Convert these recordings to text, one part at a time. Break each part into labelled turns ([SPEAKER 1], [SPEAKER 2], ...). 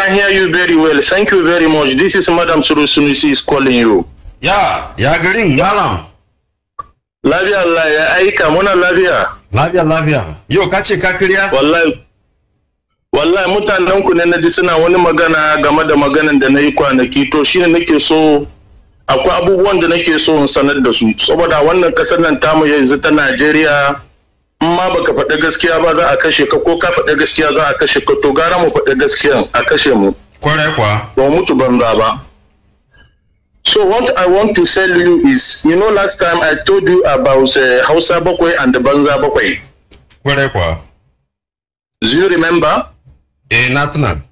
[SPEAKER 1] can hear you very well. Thank you very much. This is Madam Surusunusi is calling you. Ya, ya garin, malam. Lafiya Allah ya aika muna lafiya. Lafiya lafiya. Yau ka ce ka kirya? Wallahi wallahi mutanen ku ne na ji suna wani magana game da maganan yikuwa na kito. kwanaki to shine nake so akwa abu wanda nake so in sanar da wanda kasana ntamu ya nan Nigeria. yanzu ma baka faɗi gaskiya ba za a kashe ka ko ka faɗi gaskiya za a kashe ka to gara mu faɗi gaskiya a kashe mu kwarai kwa ba mutu banza ba So what I want to tell you is, you know, last time I told you about uh, Hausa bakwai and the Banza bakwai Bokwe. kwa Do you remember? eh not Atnan.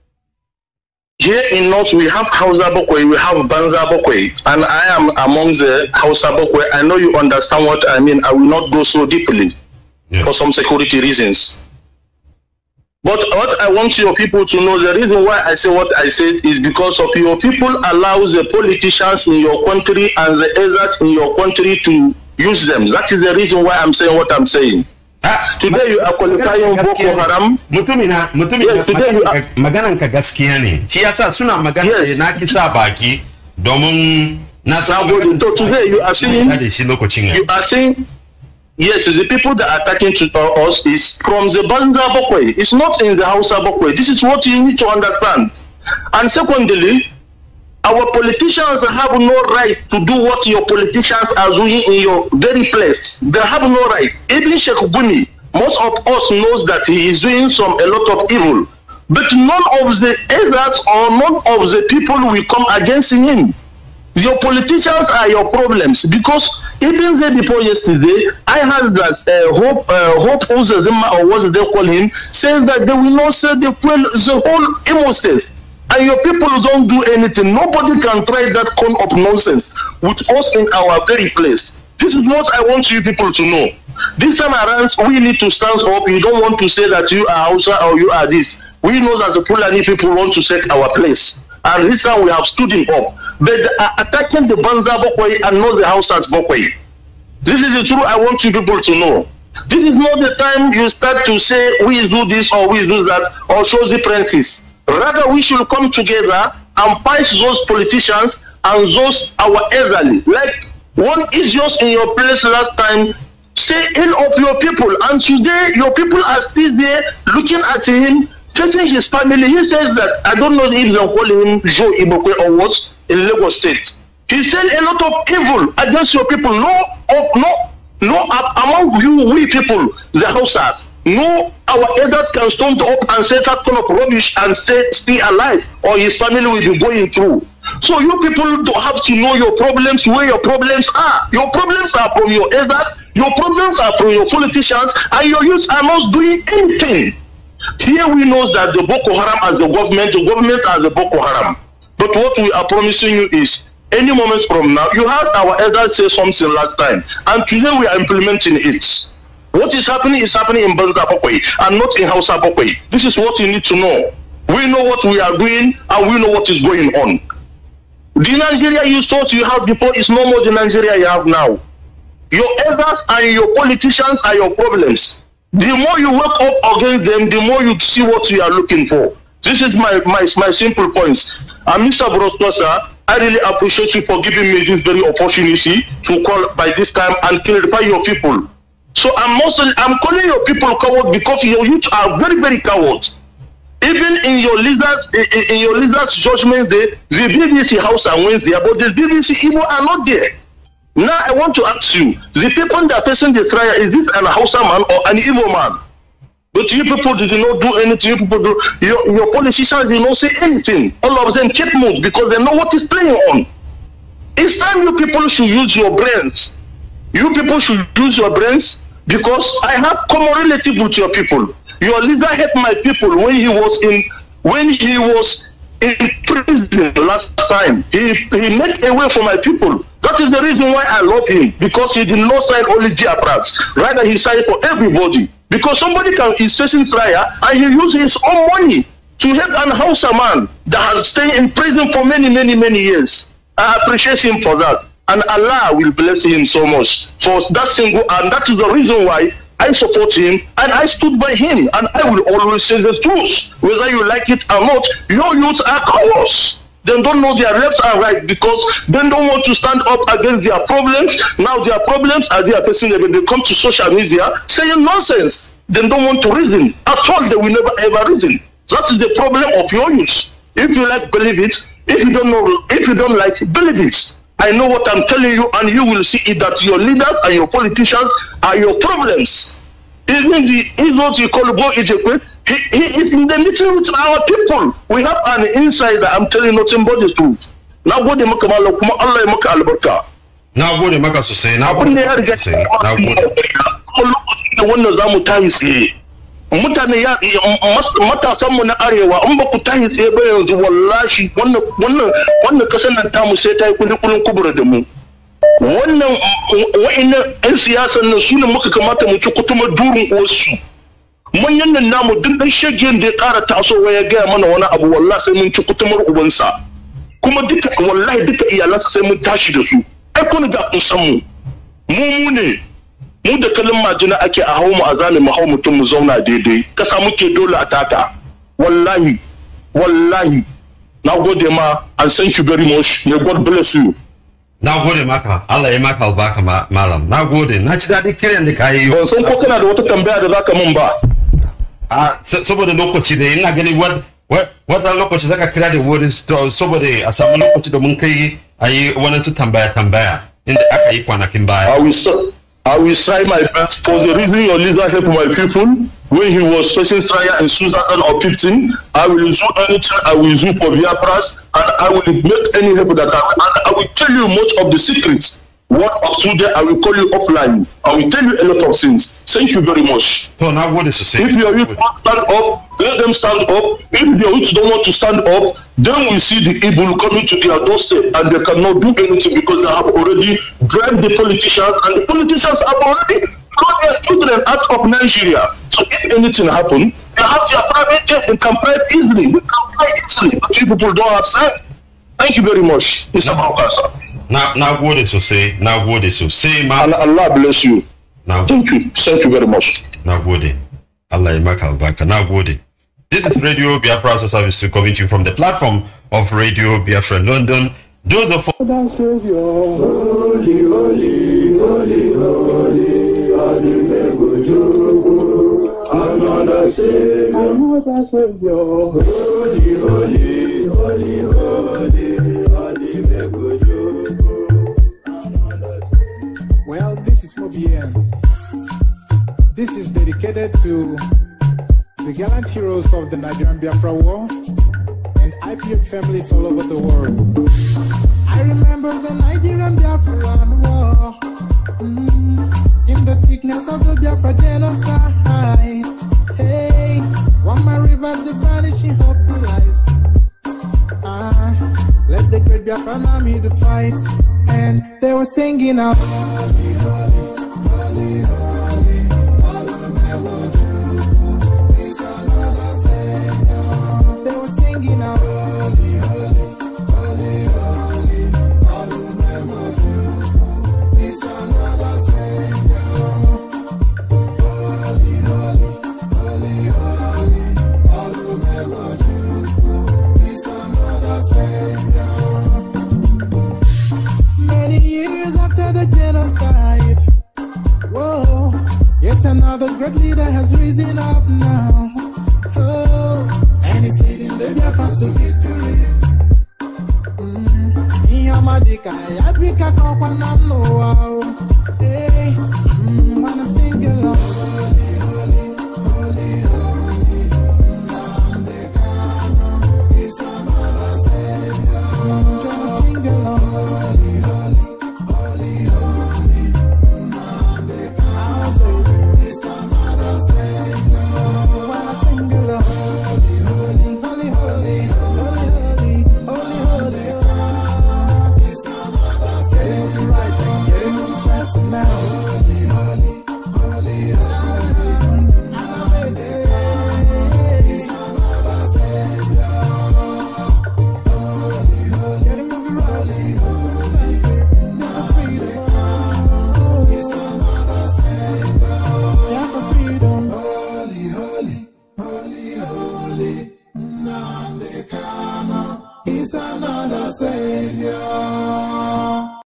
[SPEAKER 1] Here in North, we have Hausa bakwai we have Banza bakwai and I am among the Hausa bakwai I know you understand what I mean. I will not go so deeply. yeah. for some security reasons. But what I want your people to know, the reason why I say what I said is because of your people allow the politicians in your country and the experts in your country to use them. That is the reason why I'm saying what I'm saying. Ah, today you are qualifying Boko Mutumina, mutumina, yeah, maganan ka gaskiya ne. Shi yasa suna magana yes. na kisa baki domin na samu. To today You are seeing Yes, the people that are attacking to, uh, us is from the Banza Bokwe. It's not in the Hausa Bokwe. This is what you need to understand. And secondly, our politicians have no right to do what your politicians are doing in your very place. They have no right. Even Sheikh Guni, most of us knows that he is doing some a lot of evil. But none of the others or none of the people will come against him. Your politicians are your problems because even the day before yesterday, I had that uh, Hope uh, Hope Uzazima or what they call him says that they will not sell the fuel the whole Imo And your people don't do anything. Nobody can try that kind of nonsense with us in our very place. This is what I want you people to know. This time around, we need to stand up. You don't want to say that you are Hausa or you are this. We know that the Fulani people want to take our place. And this time we have stood him up. but they are attacking the Banza Bokwai and not the House Hausas Bokwai. This is the truth I want you people to know. This is not the time you start to say we do this or we do that or show differences. Rather, we should come together and fight those politicians and those our elderly. Like one is just in your place last time, say in of your people, and today your people are still there looking at him, threatening his family. He says that I don't know if they're calling him Joe Ibokwe or what in Lagos State. He said a lot of evil against your people. No, of, no, no, among you, we people, the Hausas. No, our elders can stand up and say that kind of rubbish and stay, stay alive, or his family will be going through. So you people have to know your problems, where your problems are. Your problems are from your elders, your problems are from your politicians, and your youth are not doing anything. Here we know that the Boko Haram as the government, the government as the Boko Haram. But what we are promising you is any moment from now, you heard our elders say something last time, and today we are implementing it. What is happening is happening in Bazda Bokwe and not in Hausa Bokwe. This is what you need to know. We know what we are doing and we know what is going on. The Nigeria you thought you have before is no more the Nigeria you have now. Your elders and your politicians are your problems. The more you work up against them, the more you see what you are looking for. This is my, my, my simple points. And Mr. Brotnosa, I really appreciate you for giving me this very opportunity to call by this time and clarify your people. So I'm mostly I'm calling your people cowards because your youth are very, very cowards. Even in your leaders, in, in your leaders' judgment day, the BBC House and Wednesday, but the BBC Igbo are not there. Now I want to ask you, the people that facing the trial, is this an Hausa man or an Igbo man? But you people did not do anything. You people do your, your politicians did not say anything. All of them keep mute because they know what is playing on. It's time you people should use your brains. You people should use your brains because I have common relative with your people. Your leader helped my people when he was in when he was in prison last time. He he made a way for my people. That is the reason why I love him because he did not sign only Diabras. Rather, he signed for everybody. Because somebody can, is facing trial and he uses his own money to help house a man that has stayed in prison for many, many, many years. I appreciate him for that. And Allah will bless him so much for that single, and that is the reason why I support him and I stood by him and I will always say the truth, whether you like it or not. Your youth are cowards. They don't know their left and right because they don't want to stand up against their problems. Now their problems are their facing them when they come to social media saying nonsense. They don't want to reason. At all, they will never ever reason. That is the problem of your news. If you like, believe it. If you don't know, if you don't like, believe it. I know what I'm telling you, and you will see it that your leaders and your politicians are your problems. Even the Igbos you call go Ijekwe, he, he is in the meeting with our people. We have an insider, I'm telling you nothing but the truth. Na gode maka malam kuma Allah ya maka albarka. Na gode maka sosai, na gode maka sosai, na gode. Kuma lokacin da wannan za mu tayi tsaye. Mutane ya matasanmu na arewa in ba ku tayi tsaye ba yanzu wallahi wannan wannan wannan kasar nan tamu sai ta yi kulikulin kubura da mu. wannan wa'annan 'yan siyasan nan su ne muka kamata mu ci kutuma durin uwarsu manyan nan namu duk dan shagiyan da ya kara tasowa ya gaya mana wani abu wallahi sai mun ci kutumar ubansa kuma duka wallahi duka iyalansa sai mun tashi da su ai kun ga kun san mu mu mu ne mu da kalin majina ake a hau mu a zane mu hau mutum mu zauna daidai kasa muke dole a tata wallahi wallahi na gode ma an san ki very much may god bless you na gode maka Allah ya maka albaka malam na gode na ci daɗin kiran da kayi ban san ko kana da wata tambaya da zaka mun ba a saboda lokaci da ina gani wannan lokaci zaka kira da wurin saboda a samu lokaci da mun kai ayi yi wani su tambaya tambaya inda aka yi kwanakin baya I will try my best for the reason your leader helped my people when he was facing trial in susan 15 I will do anything I will do for Biafras and I will make any help that I, can will tell you much of the secrets. What up to there, I will call you offline. I will tell you a lot of things. Thank you very much. No, now what is the same? If your youth can't stand up, let them stand up. If your youth don't want to stand up, then we see the evil coming to their doorstep and they cannot do anything because they have already bribed the politicians and the politicians have already got their children out of Nigeria. So if anything happen, they have their private jet, they can fly easily. We can fly easily, but you people don't have sense. Thank you very much, Mr. Baukasa. Now, now, what is you say? Now, what is you say, man? Allah bless you. Now, thank you. Thank you very much. Now, what is Allah Makalbaka. Now, what is this is Radio Biafra Service to coming to you from the platform of Radio Biafra London. Do the. Father another Savior,
[SPEAKER 2] another Savior, holy, holy, holy, holy. UDM. This is dedicated to the gallant heroes of the Nigerian Biafra War and IPM families all over the world. I remember the Nigerian Biafran War mm, in the thickness of the Biafra genocide. Hey, one my revived the vanishing hope to life. Ah, let the great Biafran army the fight and they were singing out. great leader has risen up now. Oh, and he's leading the Biafrans to victory. Mm. Ihe ọma dịka ya bika ka ọkwa na m n'ụwa.